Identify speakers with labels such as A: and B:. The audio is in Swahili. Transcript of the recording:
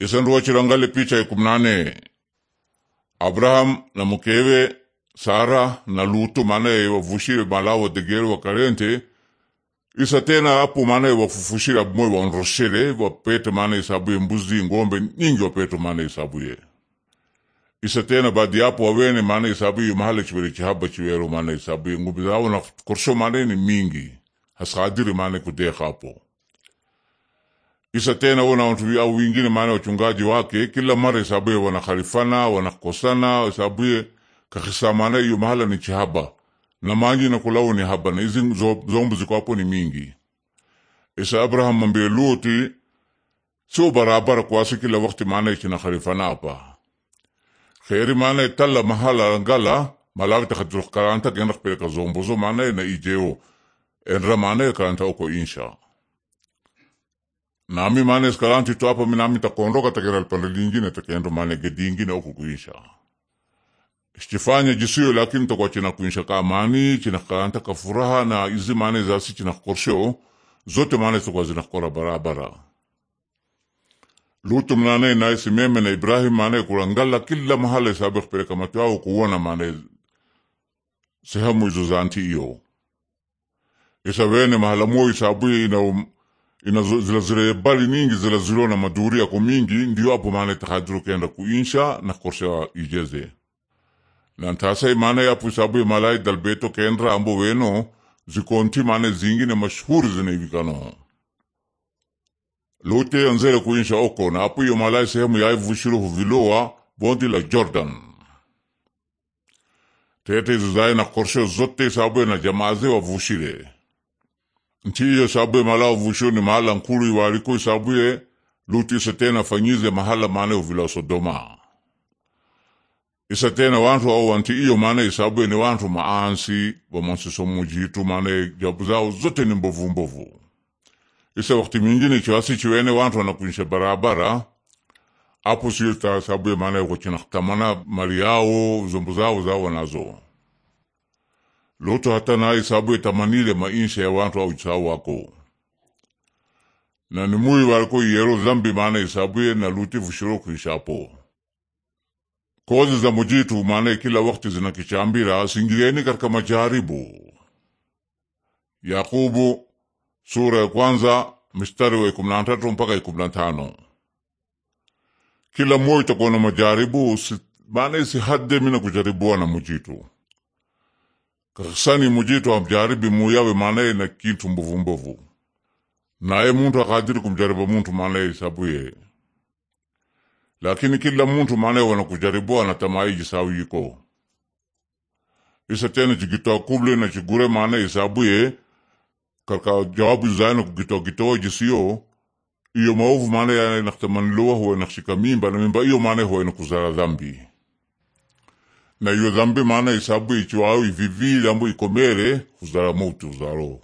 A: isanduwa chirangale picha ya kumi na nane abrahamu na mukewe sara na lutu maanaye wavushire malawo degere karente isa tena apo maanaye wafufushire abumoye waonroshele wapete maanaye isabuye mbuzi ngombe nyingi wapete maanaye isabuye isa tena baadi apo wawene maanaye isabuye mahali chibere chihaba chiwero maanaye isabuye ngumbi zawo na korsho maanaye ni mingi hasadiri maanaye kudeka apo Isa tena wona au wingine maana wachungaji wake kila mara isabuye wanakhalifana wanakosana isabuye kakhisamana iyo mahala ni chihaba na manji na kulawo ni haba na izi zombu ziko hapo ni mingi isa Abraham ambie Luti sio barabara kwasi kila wakati maana ichina khalifana apa kheri maana italla mahala ngala malakta khadrukh karanta kenak peleka zombuzo maana na ijeo enra maana karanta uko insha nami mane eskalanti to apa minami takondoka takera pande lingine takendo mane gedingine okukuisha stifanya jisiyo lakini takwa china kuisha ka mani china kalanta ka furaha na izi mane zasi china korsho zote mane takwa zinakora barabara lutu mnane na isi meme na ibrahim mane kurangala kila mahala isabik peleka macho au kuona mane sehemu izo zanti iyo isawene mahala muo isabui na um, zila zile bali ningi zila na maduri yako mingi ndio apo maana tahadhuru kenda kuinsha na korsha ijeze na ntasa maana ya pusabu ya malai dalbeto kendra ambo weno zikonti maana zingine mashhuri zinaibikano lote anzere kuinsha oko na apo iyo malai sehemu ya vushiro huviloa bondi la Jordan tete izo na korsho zote isabu na jamaze wavushire ntiiyo sababu ye mala uvushoni mahala nkulu iwaliko sababu ye isatena fanyize mahala mane uvila sodoma isatena wantu au wanti iyo mane isabu ni wantu maansi wamansisomujitu mane jabu zao zote ni mbovu mbovu isa wakti mingine chiwasi chiwene wantu wanakuisha barabara apo siyo ta mane maana mali yao zombo zao zao wanazo loto hata nai sabu etamanile maisha ya wantu au isau wako na nimui waliko yero zambi maana isabuye na lutifu shiroku ishapo kozi za mujitu maana kila wakti zinakichambira singireni katika majaribu Yakubu sura ya kwanza mistari wa ikumi na tatu mpaka ikumi na tano kila moyo itakuwa na majaribu maana isihadde mina kujaribuwa na mujitu kakisani mujito amjaribi muyawe manaye na kintu mbovu mbovu naye muntu akajiri kumjaribu muntu manaye isabuye lakini kila muntu manaye wanakujaribua jisawi yiko isa tena jigitoa kubli na jigure manaye isabuye karka jawabu zaina kugitoagitoa jisiyo iyo maovu manaye naktamanloa huwa nakshika mimba na mimba iyo manaye huwa nakuzara dhambi na iyo dhambi maana isabu ichiwao ivivili ambo ikomere kuzala mauti uzalo